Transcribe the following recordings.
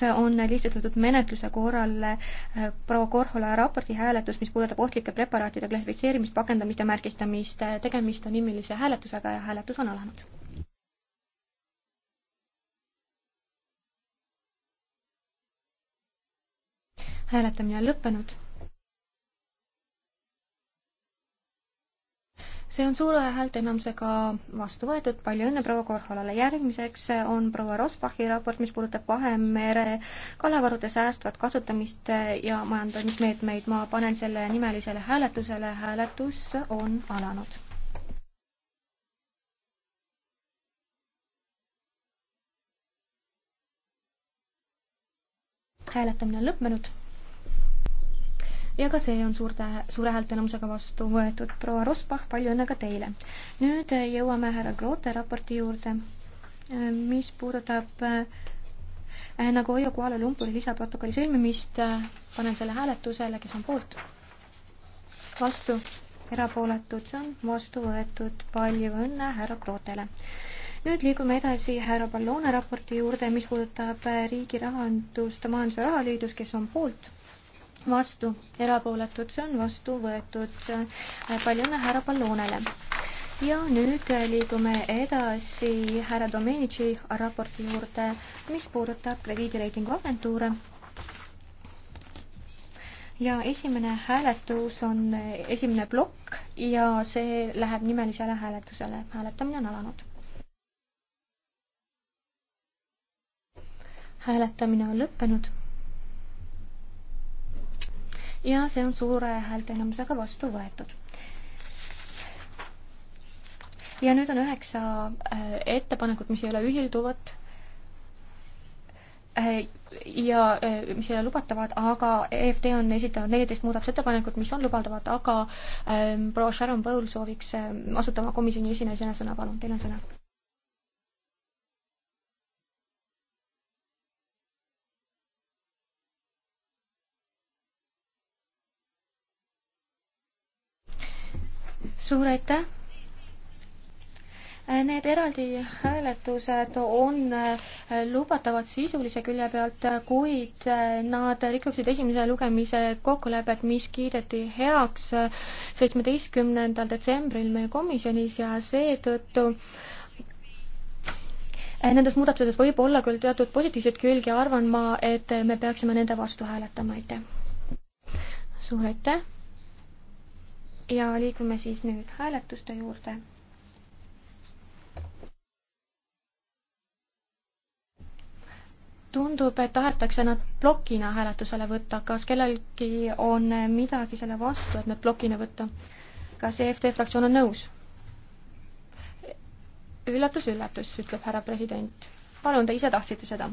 see on lihtsustatud menetluse korral äh, proua Korhola raporti hääletus, mis puudutab ohtlike preparaatide klassifitseerimist, pakendamist ja märgistamist. Äh, tegemist on nimelise hääletusega ja hääletus on alanud. hääletamine on lõppenud see on suure häälteenamusega vastu võetud, palju õnne proua Korholale. järgmiseks on proua Rosbachi raport, mis puudutab Vahemere kalavarude säästvat kasutamist ja majandamismeetmeid. ma panen selle nimelisele hääletusele, hääletus on alanud. hääletamine on lõppenud ja ka see on suurte, suure häälteenamusega vastu võetud. proua Rosbach, palju õnne ka teile. nüüd jõuame härra Grote raporti juurde, mis puudutab äh, Nagoya Kuala Lumpuri lisaprotokolli sõlmimist. panen selle hääletusele, kes on poolt? vastu? erapooletud, see on vastu võetud. palju õnne härra Krotele. nüüd liigume edasi härra Pallone raporti juurde, mis puudutab eh, riigi rahandust Majandus- ja Rahaliidus, kes on poolt, vastu, erapooletud, see on vastu võetud. palju õnne härra Pallonele. ja nüüd liigume edasi härra Domenici raporti juurde, mis puudutab krediidireitingu agentuure. ja esimene hääletus on esimene plokk ja see läheb nimelisele hääletusele. hääletamine on alanud. hääletamine on lõppenud ja see on suure häälteenamusega vastu võetud ja nüüd on üheksa äh, ettepanekut, mis ei ole ühilduvad äh, ja äh, mis ei ole lubatavad, aga EFD on esitanud neliteist muudatusettepanekut, mis on lubatavad, aga ähm, proua Sharon Bowles sooviks asutama komisjoni esinaisena sõna, palun, teil on sõna suur aitäh! Need eraldi hääletused on lubatavad sisulise külje pealt, kuid nad rikuksid esimese lugemise kokkulepet, mis kiideti heaks seitsmeteistkümnendal detsembril meie komisjonis ja seetõttu Nendes muudatuses võib olla küll teatud positiivseid külgi ja arvan ma, et me peaksime nende vastu hääletama, aitäh! suur aitäh! ja liigume siis nüüd hääletuste juurde. tundub, et tahetakse nad plokina hääletusele võtta, kas kellelgi on midagi selle vastu, et nad plokina võtta? kas EFD fraktsioon on nõus? üllatus, üllatus, ütleb härra president. palun, te ise tahtsite seda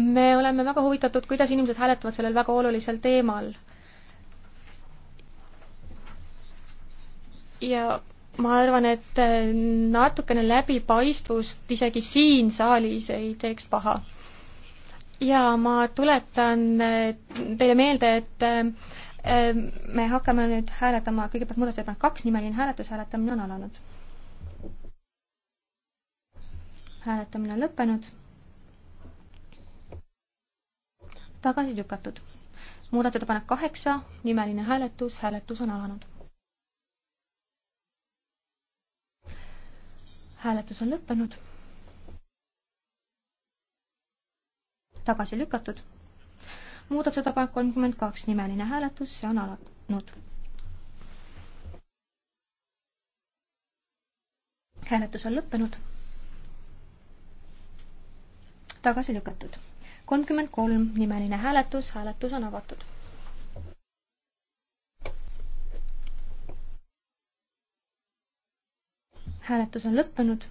me oleme väga huvitatud, kuidas inimesed hääletavad sellel väga olulisel teemal. ja ma arvan, et äh, natukene läbipaistvust isegi siin saalis ei teeks paha. ja ma tuletan äh, teile meelde, et äh, me hakkame nüüd hääletama kõigepealt muudatusettepanek kaks, nimeline hääletus, hääletamine on alanud. hääletamine on lõppenud tagasi lükatud. muudatusettepanek kaheksa, nimeline hääletus, hääletus on alanud. hääletus on lõppenud. tagasi lükatud. muudatusettepanek kolmkümmend kaks, nimeline hääletus, see on alanud. hääletus on lõppenud. tagasi lükatud kolmkümmend kolm nimeline hääletus, hääletus on avatud. hääletus on lõppenud.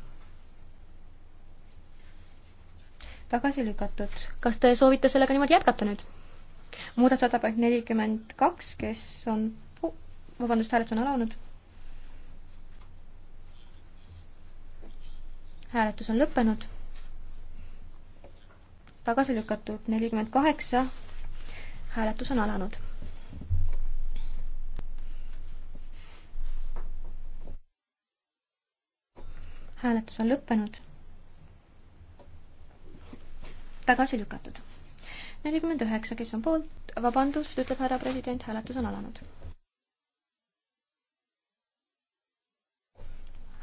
tagasi lükatud. kas te soovite sellega niimoodi jätkata nüüd? muudatusettepanek nelikümmend kaks, kes on uh,, vabandust, hääletus on alanud. hääletus on lõppenud tagasi lükatud, nelikümmend kaheksa, hääletus on alanud. hääletus on lõppenud. tagasi lükatud. nelikümmend üheksa, kes on poolt, vabandust, ütleb härra president, hääletus on alanud.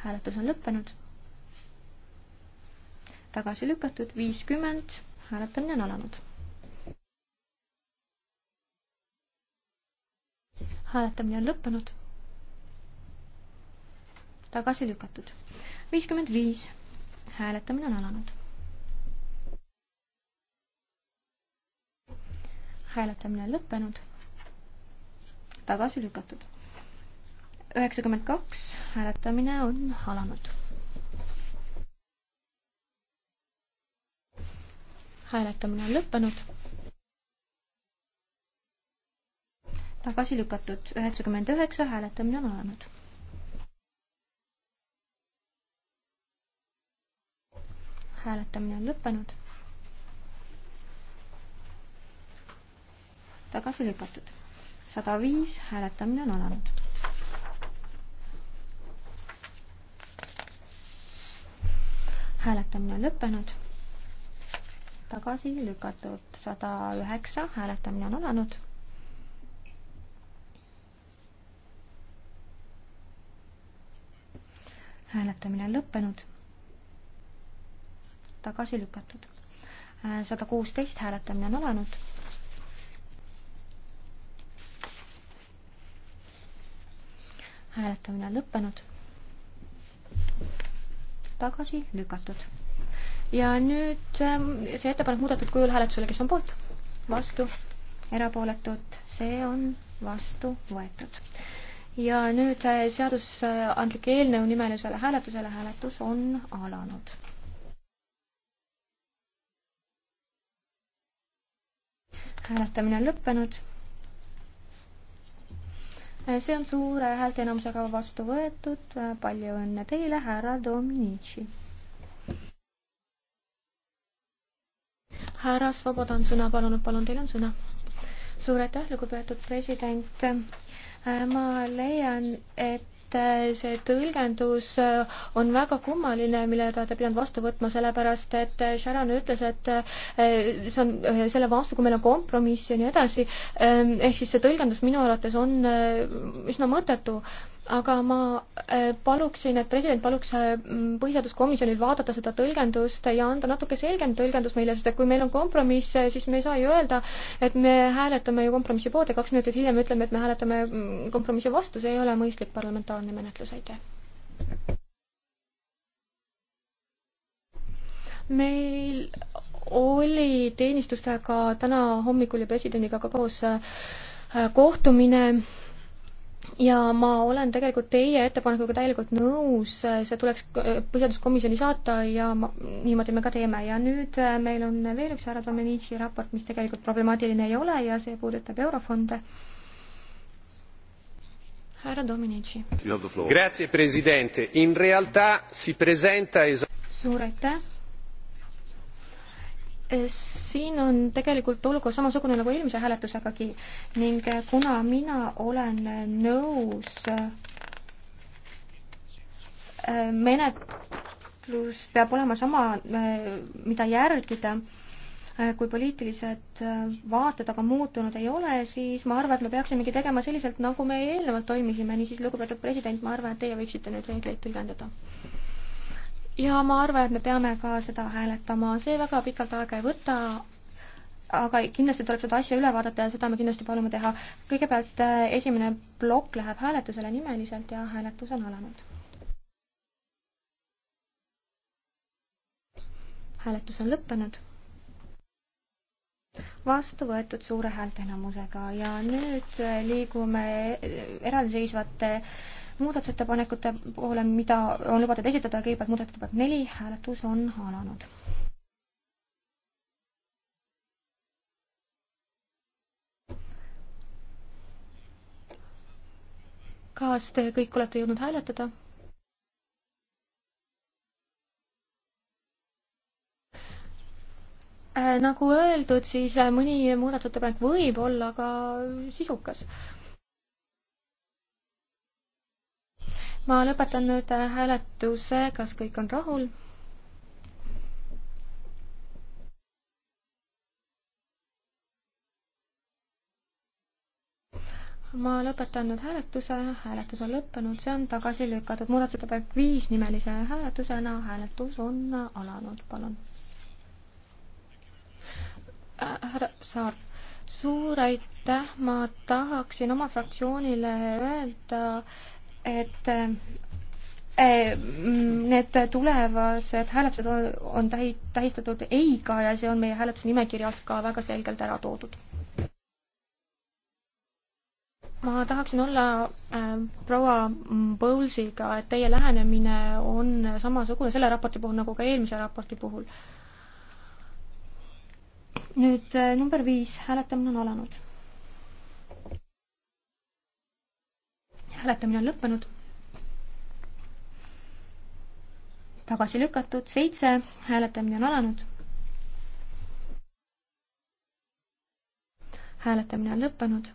hääletus on lõppenud tagasi lükatud, viiskümmend hääletamine on alanud. hääletamine on lõppenud. tagasi lükatud. viiskümmend viis. hääletamine on alanud. hääletamine on lõppenud. tagasi lükatud. üheksakümmend kaks. hääletamine on alanud hääletamine on lõppenud. tagasi lükatud üheksakümmend üheksa, hääletamine on alanud. hääletamine on lõppenud. tagasi lükatud sada viis, hääletamine on alanud. hääletamine on lõppenud tagasi lükatud sada üheksa, hääletamine on alanud. hääletamine on lõppenud. tagasi lükatud sada kuusteist, hääletamine on alanud. hääletamine on lõppenud. tagasi lükatud ja nüüd ähm, see ettepanek muudetud kujul hääletusele, kes on poolt, vastu, erapooletud, see on vastu võetud. ja nüüd äh, seadusandliku eelnõu nimelisele hääletusele hääletus on alanud. hääletamine on lõppenud. Äh, see on suure häälteenamusega vastu võetud, äh, palju õnne teile, härra Domnici! härra Svoboda on sõna palunud, palun, teil on sõna. suur aitäh, lugupeetud president. Äh, ma leian, et et äh, see tõlgendus äh, on väga kummaline, mille te olete pidanud vastu võtma, sellepärast et Sharon ütles, et see on selle vastu, kui meil on kompromiss ja nii edasi, ehk siis see tõlgendus minu arvates on üsna mõttetu aga ma äh, paluksin, et president paluks äh, põhiseaduskomisjonil vaadata seda tõlgendust ja anda natuke selgem tõlgendus meile, sest et kui meil on kompromiss, siis me ei saa ju öelda, et me hääletame ju kompromissi poolt ja kaks minutit hiljem ütleme, et me hääletame mm, kompromissi vastu, see ei ole mõistlik parlamentaarne menetlus, aitäh. meil oli teenistustega täna hommikul ja presidendiga ka koos äh, kohtumine ja ma olen tegelikult teie ettepanekuga täielikult nõus, see tuleks äh, põhiseaduskomisjoni saata ja ma, niimoodi me ka teeme ja nüüd äh, meil on veel üks härra Domenici raport, mis tegelikult problemaatiline ei ole ja see puudutab eurofonde. härra Domenici. Grazie, president, in realtà si presenta es-. suur aitäh Äh, siin on tegelikult olukord samasugune nagu eelmise hääletusegagi ning äh, kuna mina olen äh, nõus menetlus peab olema sama, mida järgida, kui poliitilised vaated aga muutunud ei ole, siis ma arvan, et me peaksimegi tegema selliselt, nagu me eelnevalt toimisime, niisiis lugupeetud president, ma arvan, et teie võiksite neid reegleid tõlgendada ja ma arvan, et me peame ka seda hääletama, see väga pikalt aega ei võta, aga kindlasti tuleb seda asja üle vaadata ja seda me kindlasti palume teha. kõigepealt äh, esimene plokk läheb hääletusele nimeliselt ja hääletus on alanud. hääletus on lõppenud. vastu võetud suure häälteenamusega ja nüüd äh, liigume äh, eraldiseisvate muudatusettepanekute poole, mida on lubatud esitada, kõigepealt muudatusettepanek neli, hääletus on alanud. kas te kõik olete jõudnud hääletada? Äh, nagu öeldud, siis äh, mõni muudatusettepanek võib olla ka sisukas ma lõpetan nüüd äh, hääletuse, kas kõik on rahul? ma lõpetan nüüd hääletuse, hääletus on lõppenud, see on tagasi lükatud, muudatusettepanek viis nimelise hääletusena, hääletus on alanud, palun. Äh, härra Saar, suur aitäh, ma tahaksin oma fraktsioonile öelda äh, et eh, need tulevased hääletused on, on tähi-, tähistatud ei-ga ja see on meie hääletuse nimekirjas ka väga selgelt ära toodud. ma tahaksin olla äh, proua Bowlesiga, et teie lähenemine on samasugune selle raporti puhul nagu ka eelmise raporti puhul. nüüd äh, number viis, hääletamine on alanud hääletamine on lõppenud. tagasi lükatud, seitse, hääletamine on alanud. hääletamine on lõppenud.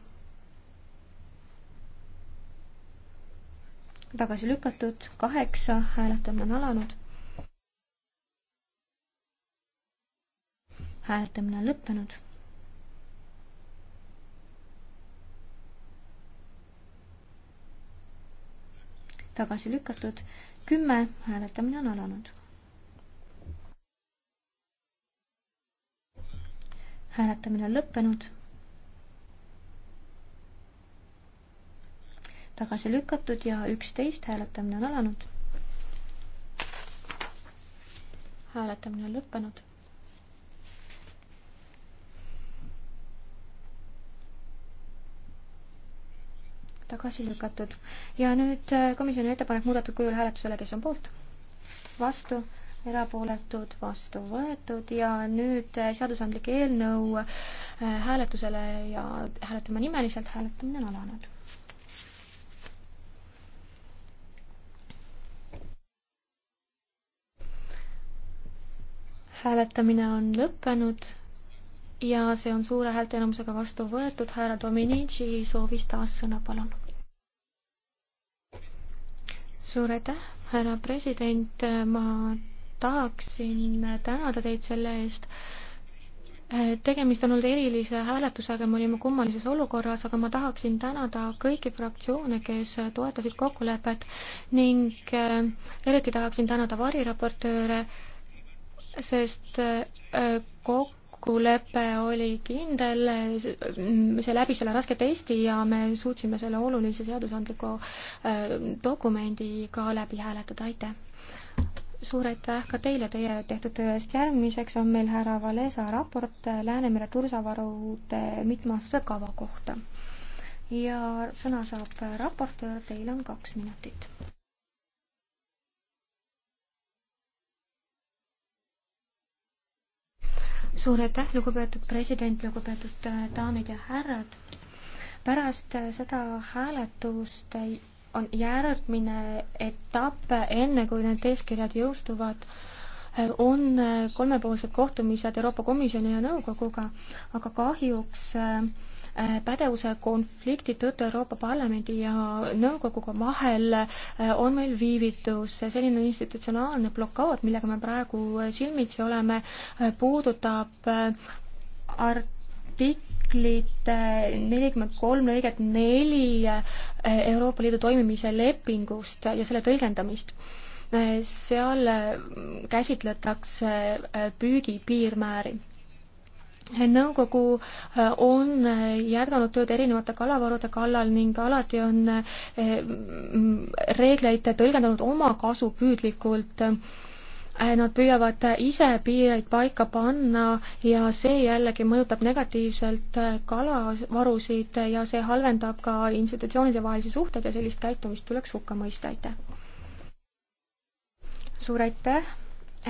tagasi lükatud, kaheksa, hääletamine on alanud. hääletamine on lõppenud tagasi lükatud, kümme, hääletamine on alanud. hääletamine on lõppenud. tagasi lükatud ja üksteist, hääletamine on alanud. hääletamine on lõppenud tagasi lükatud. ja nüüd äh, komisjoni ettepanek muudetud kujul hääletusele, kes on poolt? vastu? erapooletud, vastu võetud ja nüüd äh, seadusandlik eelnõu äh, hääletusele ja hääletame nimeliselt, hääletamine on alanud. hääletamine on lõppenud ja see on suure häälteenamusega vastu võetud, härra Dominici soovis taas sõna, palun suur aitäh, härra president, ma tahaksin tänada teid selle eest. tegemist on olnud erilise hääletusega, me olime kummalises olukorras, aga ma tahaksin tänada kõiki fraktsioone, kes toetasid kokkulepet ning äh, eriti tahaksin tänada variraportööre, sest äh, kokku kokkulepe oli kindel, see läbis selle raske testi ja me suutsime selle olulise seadusandliku äh, dokumendi ka läbi hääletada, aitäh! suur aitäh ka teile teie tehtud töö eest, järgmiseks on meil härra Valesa raport Läänemere tursavarude mitmeaastase kava kohta. ja sõna saab raportöör, teil on kaks minutit. suur aitäh, lugupeetud president, lugupeetud äh, daamid ja härrad. pärast äh, seda hääletust on järgmine etapp, enne kui need eeskirjad jõustuvad, äh, on kolmepoolsed kohtumised Euroopa Komisjoni ja nõukoguga, aga kahjuks äh, Äh, pädevuse konflikti tõttu Euroopa Parlamendi ja nõukoguga vahel äh, on meil viivitus. selline institutsionaalne blokaad, millega me praegu äh, silmitsi oleme, puudutab artik-, artiklit nelikümmend kolm lõiget neli Euroopa Liidu toimimise lepingust ja selle tõlgendamist. seal käsitletakse püügi piirmääri nõukogu äh, on äh, jätkanud tööd erinevate kalavarude kallal ning alati on äh, reegleid tõlgendanud omakasupüüdlikult. Nad püüavad ise piireid paika panna ja see jällegi mõjutab negatiivselt kalavarusid ja see halvendab ka institutsioonide vahelisi suhteid ja sellist käitumist tuleks hukka mõista, aitäh. suur aitäh.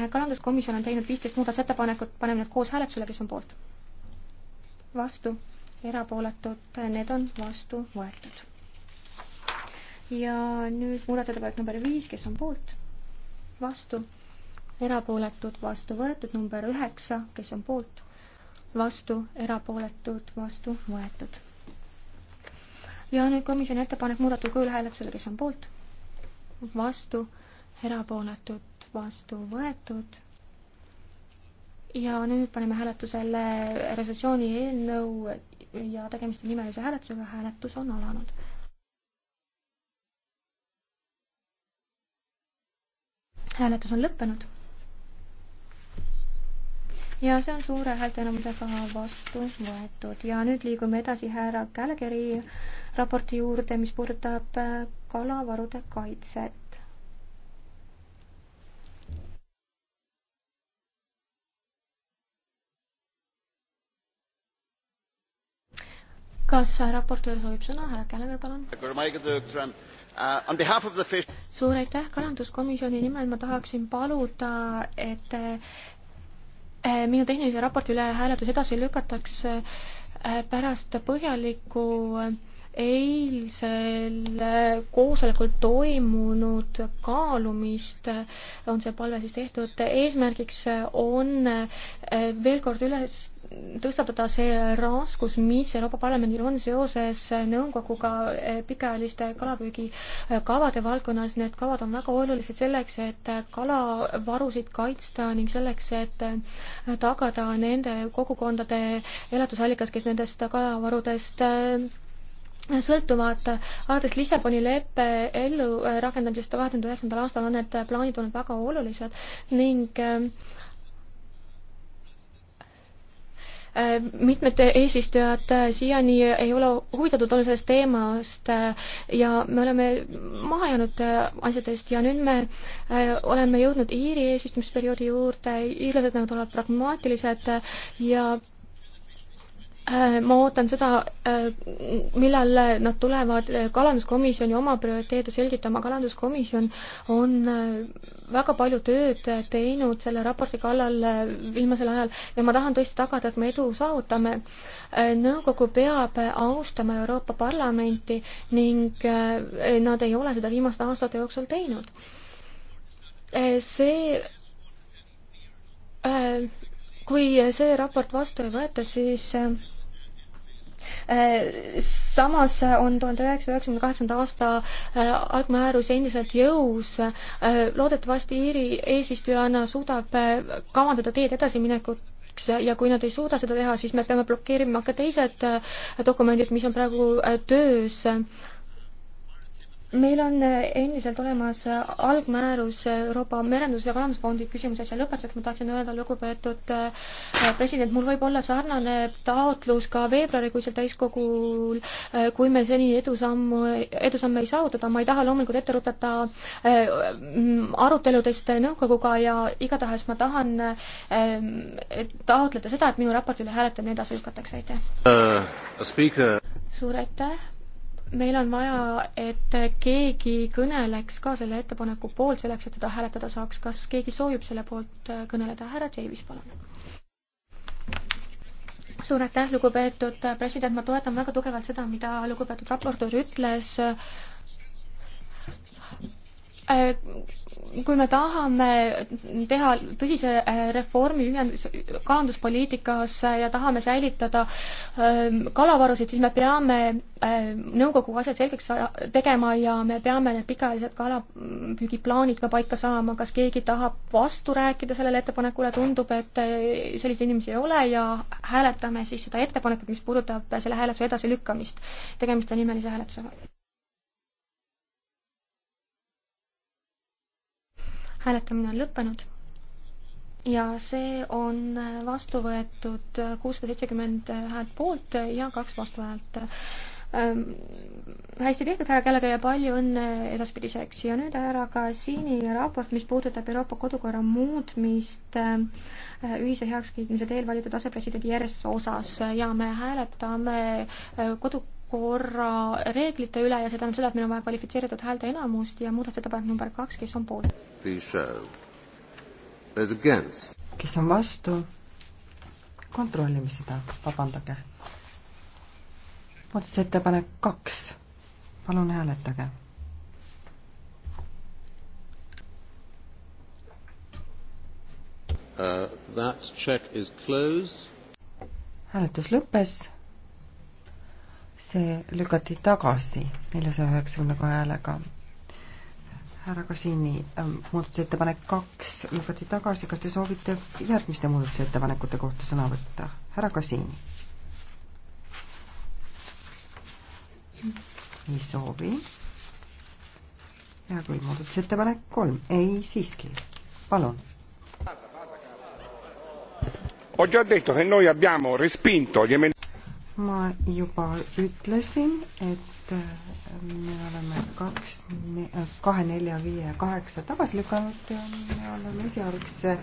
kalanduskomisjon on teinud viisteist muudatusettepanekut, paneme need koos hääletusele, kes on poolt vastu, erapooletud, need on vastu võetud. ja nüüd muudatusettepanek number viis, kes on poolt, vastu, erapooletud, vastu võetud, number üheksa, kes on poolt, vastu, erapooletud, vastu võetud. ja nüüd komisjoni ettepanek muudatud kujul hääletusele, kes on poolt, vastu, erapooletud, vastu võetud ja nüüd paneme hääletusele resolutsiooni eelnõu ja tegemist on nimelise hääletusega, hääletus on alanud. hääletus on lõppenud. ja see on suure häälteenamusega vastu võetud ja nüüd liigume edasi härra Kälgeri raporti juurde, mis puudutab äh, kalavarude kaitset. kas raportöör soovib sõna, härra Kälemer, palun? suur aitäh, kalanduskomisjoni nimel ma tahaksin paluda, et eh, minu tehnilise raporti üle hääletus edasi lükatakse eh, pärast põhjalikku eh, eilsel koosolekul toimunud kaalumist on see palve siis tehtud, eesmärgiks on veel kord üles tõstatada see raskus, mis Euroopa Parlamendil on seoses nõukoguga eh, pikaajaliste kalapüügikavade valdkonnas. Need kavad on väga olulised selleks, et kalavarusid kaitsta ning selleks, et eh, tagada nende kogukondade elatusallikas, kes nendest kalavarudest eh, sõltumata alates Lissaboni leppe ellurakendamisest kahe tuhande üheksandal aastal on need plaanid olnud väga olulised ning Äh, mitmed eesistujad äh, siiani ei ole huvitatud olnud sellest teemast äh, ja me oleme maha jäänud asjadest ja nüüd me oleme jõudnud Iiri eesistumisperioodi juurde, iirlased, nad olevat pragmaatilised ja Äh, ma ootan seda, äh, millal nad tulevad kalanduskomisjoni oma prioriteete selgitama, kalanduskomisjon on äh, väga palju tööd teinud selle raporti kallal viimasel ajal ja ma tahan tõesti tagada, et me edu saavutame. nõukogu peab austama Euroopa Parlamenti ning nad ei ole seda viimaste aastate jooksul teinud. see äh, kui see raport vastu ei võeta, siis äh, samas on tuhande üheksasaja üheksakümne kaheksanda aasta äh, algmäärus endiselt jõus. Äh, loodetavasti Iiri eesistujana suudab kavandada teed edasiminekut ja kui nad ei suuda seda teha, siis me peame blokeerima ka teised dokumendid, mis on praegu töös meil on eh, endiselt olemas eh, algmäärus eh, Euroopa Merendus- ja Kalandusfondi küsimuses ja lõpetuseks ma tahaksin öelda, lugupeetud president, mul võib olla sarnane taotlus ka veebruarikuisel täiskogul, kui me seni edusammu, edusamme ei saavutada, ma ei taha loomulikult ette rutata mm, aruteludest nõukoguga ja igatahes ma tahan taotleda seda, et minu raportile hääletamine edasi lükatakse, aitäh uh,! suur aitäh! meil on vaja, et keegi kõneleks ka selle ettepaneku poolt, selleks et teda hääletada saaks. kas keegi soovib selle poolt äh, kõneleda? härra Davis, palun. suur aitäh, lugupeetud äh, president, ma toetan väga tugevalt seda, mida lugupeetud raportöör ütles äh, kui me tahame teha tõsise äh, reformi ühendus, kalanduspoliitikas äh, ja tahame säilitada ähm, kalavarusid, siis me peame äh, nõukoguga asjad selgeks tegema ja me peame need pikaajalised kalapüügiplaanid ka paika saama, kas keegi tahab vastu rääkida sellele ettepanekule, tundub, et selliseid inimesi ei ole ja hääletame siis seda ettepanekut, mis puudutab selle hääletuse edasilükkamist. tegemist on nimelise hääletusega hääletamine on lõppenud ja see on vastu võetud kuussada seitsekümmend häält poolt ja kaks vastuhäält ähm,. hästi tehtud, härra Kellega ja palju õnne edaspidiseks ja nüüd härra Kassiini raport, mis puudutab Euroopa kodukorra muutmist äh, ühise heakskiitmise teel valitud asepresidendi järjestuse osas ja me hääletame äh, kodu päevakorra reeglite üle ja see tähendab seda, et meil on vaja kvalifitseeritud häälteenamust ja muudatusettepanek number kaks, kes on poolt? kes on vastu? kontrollime seda, vabandage. muudatusettepanek kaks, palun hääletage. Uh, that check is closed. hääletus lõppes see lükati tagasi neljasaja üheksakümne kahe häälega. härra Kasiini ähm, muudatusettepanek kaks lükati tagasi, kas te soovite järgmiste muudatusettepanekute kohta sõna võtta? härra Kasiini. ei soovi. hea küll, muudatusettepanek kolm, ei siiski, palun ho già detto che noi abbiamo respinto gli emendamenti ma juba ütlesin, et äh, me oleme kaks, kahe, nelja, viie ja kaheksa tagasi lükanud ja me oleme esialgse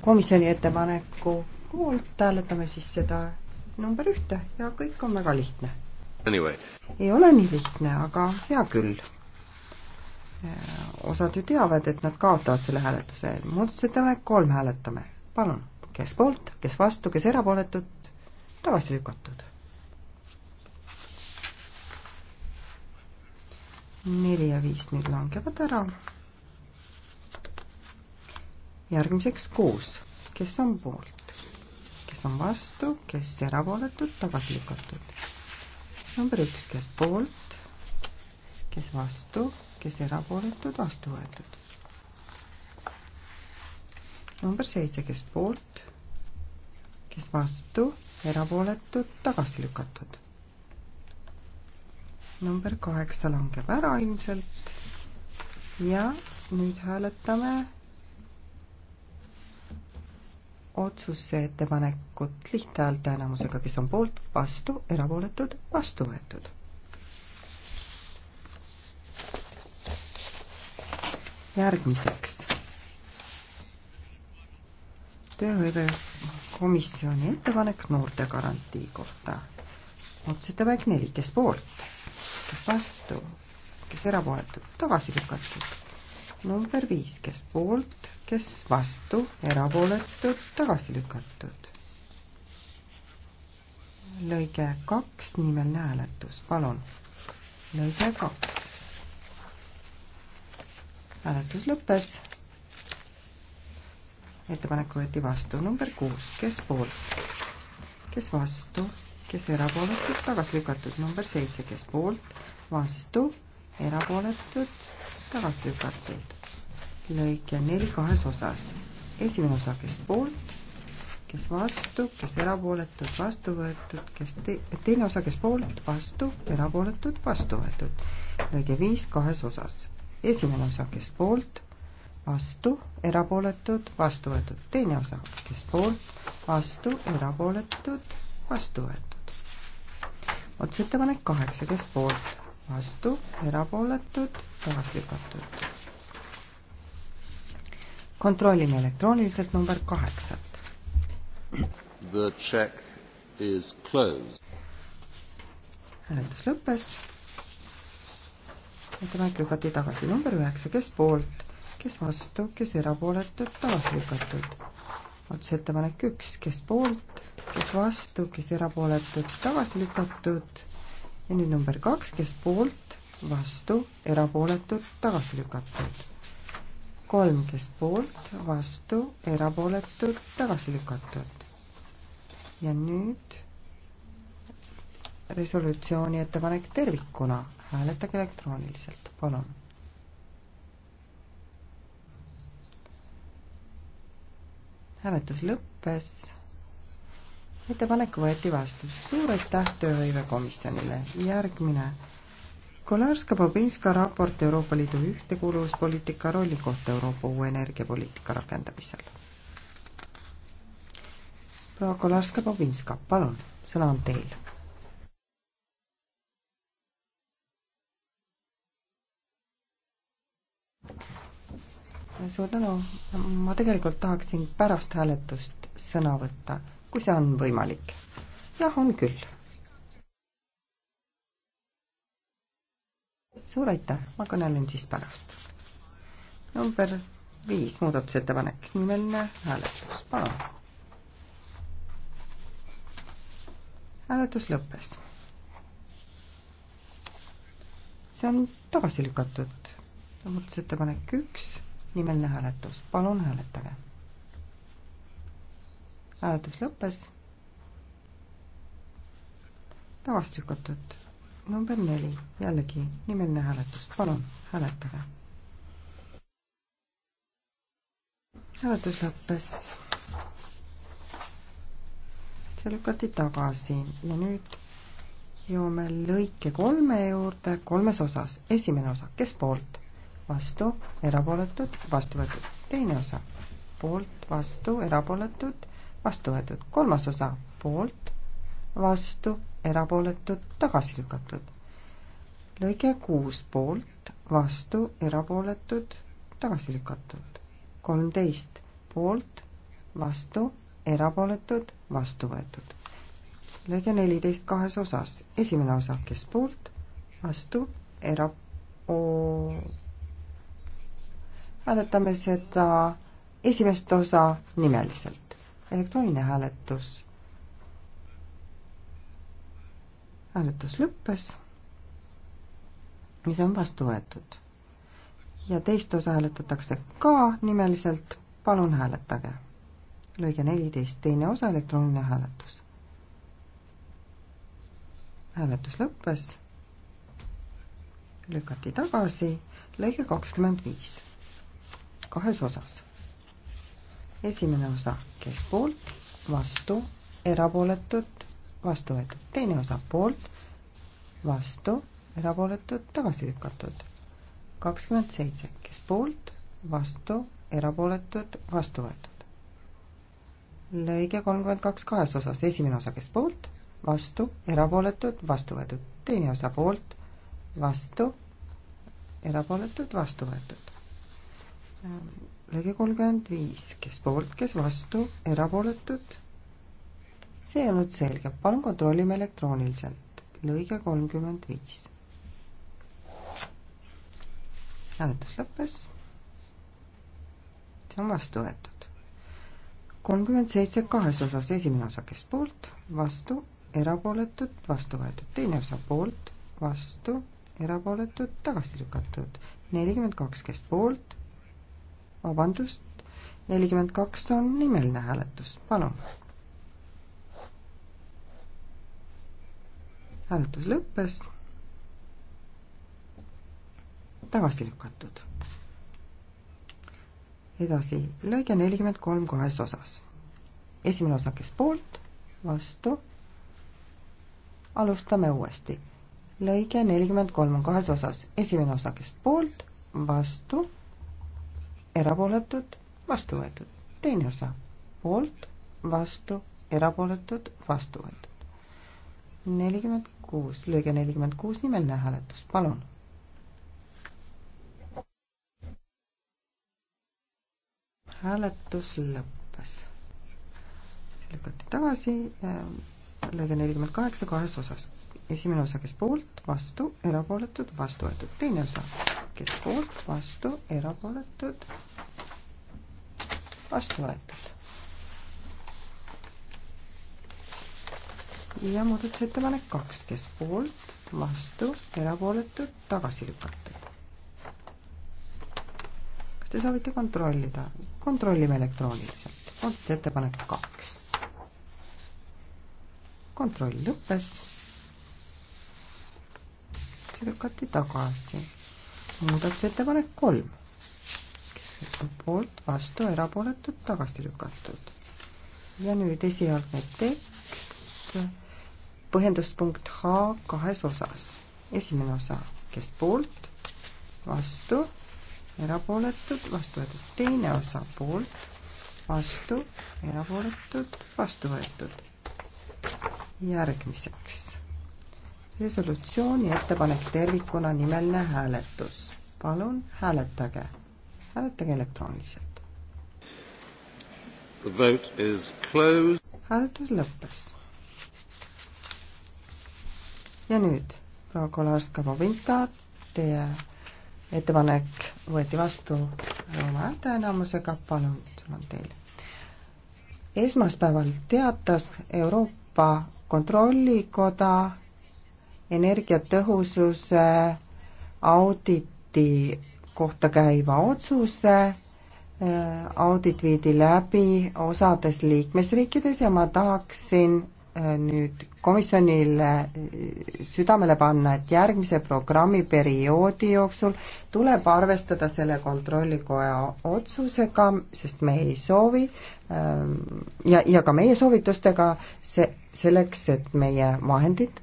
komisjoni ettepaneku poolt, hääletame siis seda number ühte ja kõik on väga lihtne anyway.. ei ole nii lihtne, aga hea küll äh, osad ju teavad, et nad kaotavad selle hääletuse. muudatusettepanek kolm hääletame. palun, kes poolt, kes vastu, kes erapooletud, tagasi lükatud neli ja viis nüüd langevad ära. järgmiseks kuus, kes on poolt, kes on vastu, kes erapooletud, tagasi lükatud. number üks, kes poolt, kes vastu, kes erapooletud, vastu võetud. number seitse, kes poolt, kes vastu, erapooletud, tagasi lükatud number kaheksa langeb ära ilmselt. ja nüüd hääletame otsuse ettepanekut lihthäälte enamusega, kes on poolt, vastu, erapooletud, vastu võetud. järgmiseks tööhõive komisjoni ettepanek noorte garantii kohta. otsusettepanek neli, kes poolt kes vastu, kes erapooletud, tagasi lükatud. number viis, kes poolt, kes vastu, erapooletud, tagasi lükatud. lõige kaks, nimeline hääletus, palun. lõige kaks. hääletus lõppes. ettepanek võeti vastu, number kuus, kes poolt, kes vastu kes erapooletud, tagasi lükatud, number seitse, kes poolt, vastu, erapooletud, tagasi lükatud. lõike neli kahes osas. esimene osa, kes poolt, kes vastu, kes erapooletud, vastu võetud, kes te-, teine osa, kes poolt, vastu, erapooletud, vastu võetud. lõige viis kahes osas. esimene osa, kes poolt, vastu, erapooletud, vastu võetud. teine osa, kes poolt, vastu, erapooletud, vastu võetud otsusettepanek kaheksa, kes poolt, vastu, erapooletud, tagasi lükatud. kontrollime elektrooniliselt number kaheksat. The check is closed. hääletus lõppes. ettepanek lükati tagasi number üheksa, kes poolt, kes vastu, kes erapooletud, tagasi lükatud muudatusettepanek üks, kes poolt, kes vastu, kes erapooletud, tagasi lükatud ja nüüd number kaks, kes poolt, vastu, erapooletud, tagasi lükatud. kolm, kes poolt, vastu, erapooletud, tagasi lükatud. ja nüüd resolutsiooni ettepanek tervikuna, hääletage elektrooniliselt, palun hääletus lõppes. ettepanek võeti vastu. suur aitäh tööhõivekomisjonile. järgmine. Kolarska-Bobinska raport Euroopa Liidu ühtekuuluvuspoliitika rolli kohta Euroopa uue energiapoliitika rakendamisel. proua Kolarska-Bobinska, palun, sõna on teil suur tänu, ma tegelikult tahaksin pärast hääletust sõna võtta, kui see on võimalik. jah, on küll. suur aitäh, ma kõnelen siis pärast. number viis muudatusettepanek, nimeline hääletus, palun. hääletus lõppes. see on tagasi lükatud muudatusettepanek üks nimeline hääletus, palun hääletage. hääletus lõppes. tagasi lükatud number neli, jällegi nimeline hääletus, palun hääletage. hääletus lõppes. see lükati tagasi ja nüüd jõuame lõike kolme juurde kolmes osas. esimene osa, kes poolt? vastu, erapooletud, vastu võetud. teine osa, poolt, vastu, erapooletud, vastu võetud. kolmas osa, poolt, vastu, erapooletud, tagasi lükatud. lõige kuus, poolt, vastu, erapooletud, tagasi lükatud. kolmteist, poolt, vastu, erapooletud, vastu võetud. lõige neliteist kahes osas, esimene osa, kes poolt, vastu, era-, hääletame seda esimest osa nimeliselt. elektrooniline hääletus. hääletus lõppes, mis on vastu võetud. ja teist osa hääletatakse ka nimeliselt, palun hääletage. lõige neliteist, teine osa, elektrooniline hääletus. hääletus lõppes, lükati tagasi, lõige kakskümmend viis kahes osas. esimene osa, kes poolt, vastu, erapooletud, vastu võetud. teine osa poolt, vastu, erapooletud, tagasi lükatud. kakskümmend seitse, kes poolt, vastu, erapooletud, vastu võetud. lõige kolmkümmend kaks kahes osas, esimene osa, kes poolt, vastu, erapooletud, vastu võetud. teine osa poolt, vastu, erapooletud, vastu võetud lõige kolmkümmend viis, kes poolt, kes vastu, erapooletud. see ei olnud selge, palun kontrollime elektrooniliselt. lõige kolmkümmend viis. hääletus lõppes. see on vastu võetud. kolmkümmend seitse kahes osas, esimene osa, kes poolt, vastu, erapooletud, vastu võetud, teine osa poolt, vastu, erapooletud, tagasi lükatud. nelikümmend kaks, kes poolt vabandust, nelikümmend kaks on nimeline hääletus, palun. hääletus lõppes. tagasi lükatud. edasi, lõige nelikümmend kolm kahes osas. esimene osa, kes poolt, vastu. alustame uuesti. lõige nelikümmend kolm on kahes osas, esimene osa, kes poolt, vastu erapooletud, vastu võetud. teine osa poolt, vastu, erapooletud, vastu võetud. nelikümmend kuus, lõige nelikümmend kuus, nimeline hääletus, palun. hääletus lõppes. lükati tagasi, lõige nelikümmend kaheksa kahes osas esimene osa, kes poolt, vastu, erapooletud, vastu võetud. teine osa, kes poolt, vastu, erapooletud, vastu võetud. ja muudatusettepanek kaks, kes poolt, vastu, erapooletud, tagasi lükatud. kas te soovite kontrollida? kontrollime elektrooniliselt. muudatusettepanek kaks. kontroll lõppes lükati tagasi. muudatusettepanek kolm, kes on poolt, vastu, erapooletud, tagasi lükatud. ja nüüd esialgne tekst, põhjenduspunkt H kahes osas. esimene osa, kes poolt, vastu, erapooletud, vastu võetud, teine osa poolt, vastu, erapooletud, vastu võetud. järgmiseks resolutsiooni ettepanek tervikuna nimeline hääletus. palun hääletage, hääletage elektrooniliselt. hääletus lõppes. ja nüüd proua Kolarska-Bobinska, teie ettepanek võeti vastu oma häälteenamusega, palun, sul on teil. esmaspäeval teatas Euroopa Kontrollikoda energiatõhususe auditi kohta käiva otsuse. Äh, audit viidi läbi osades liikmesriikides ja ma tahaksin äh, nüüd komisjonile äh, südamele panna, et järgmise programmiperioodi jooksul tuleb arvestada selle kontrollikoja otsusega, sest me ei soovi ähm, ja, ja ka meie soovitustega see, selleks, et meie vahendid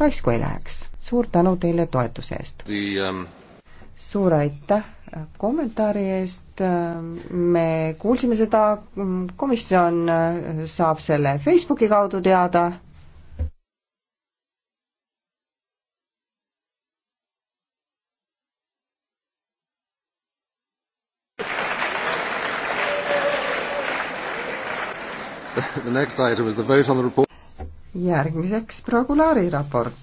raisku ei läheks. suur tänu teile toetuse eest! Um... suur aitäh kommentaari eest, me kuulsime seda, komisjon saab selle Facebooki kaudu teada the next item is the vote on the report järgmiseks Progulaari raport,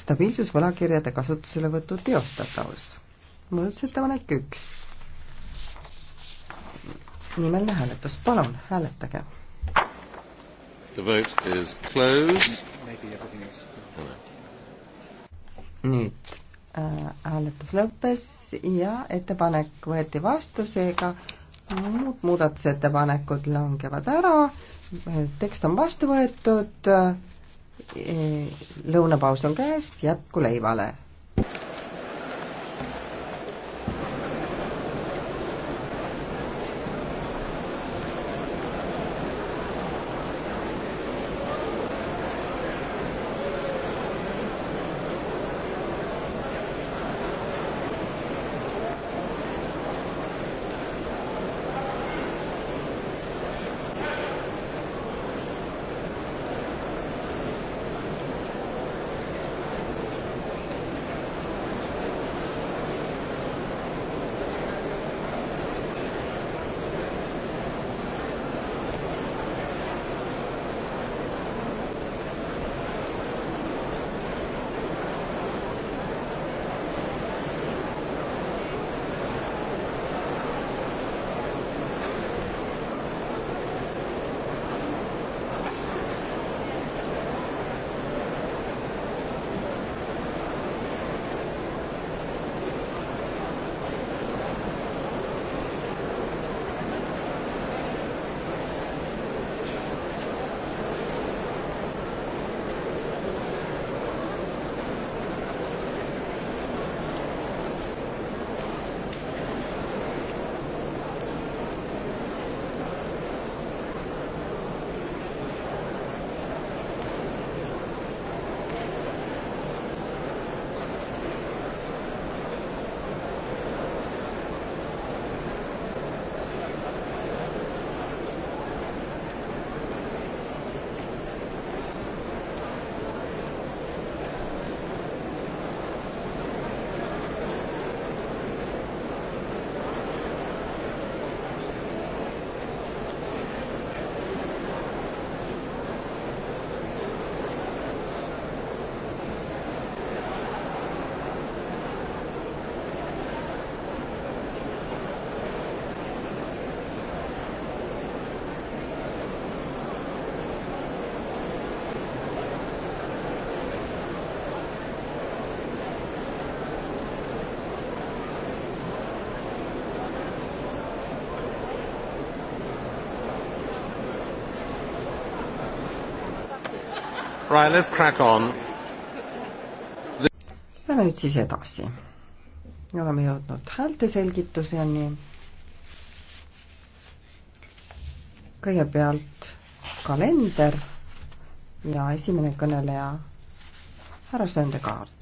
stabiilsusvõlakirjade kasutuselevõtu teostatavus. muudatusettepanek üks. nimeline hääletus, palun hääletage. The vote is closed. nüüd äh, hääletus lõppes ja ettepanek võeti vastu, seega muud muudatusettepanekud langevad ära, tekst on vastu võetud, e, lõunapaus on käes, jätku leivale! right, let's crack on. Lähme nüüd siis edasi. oleme jõudnud häälteselgituseni. kõigepealt kalender ja esimene kõneleja härra Söndekaart.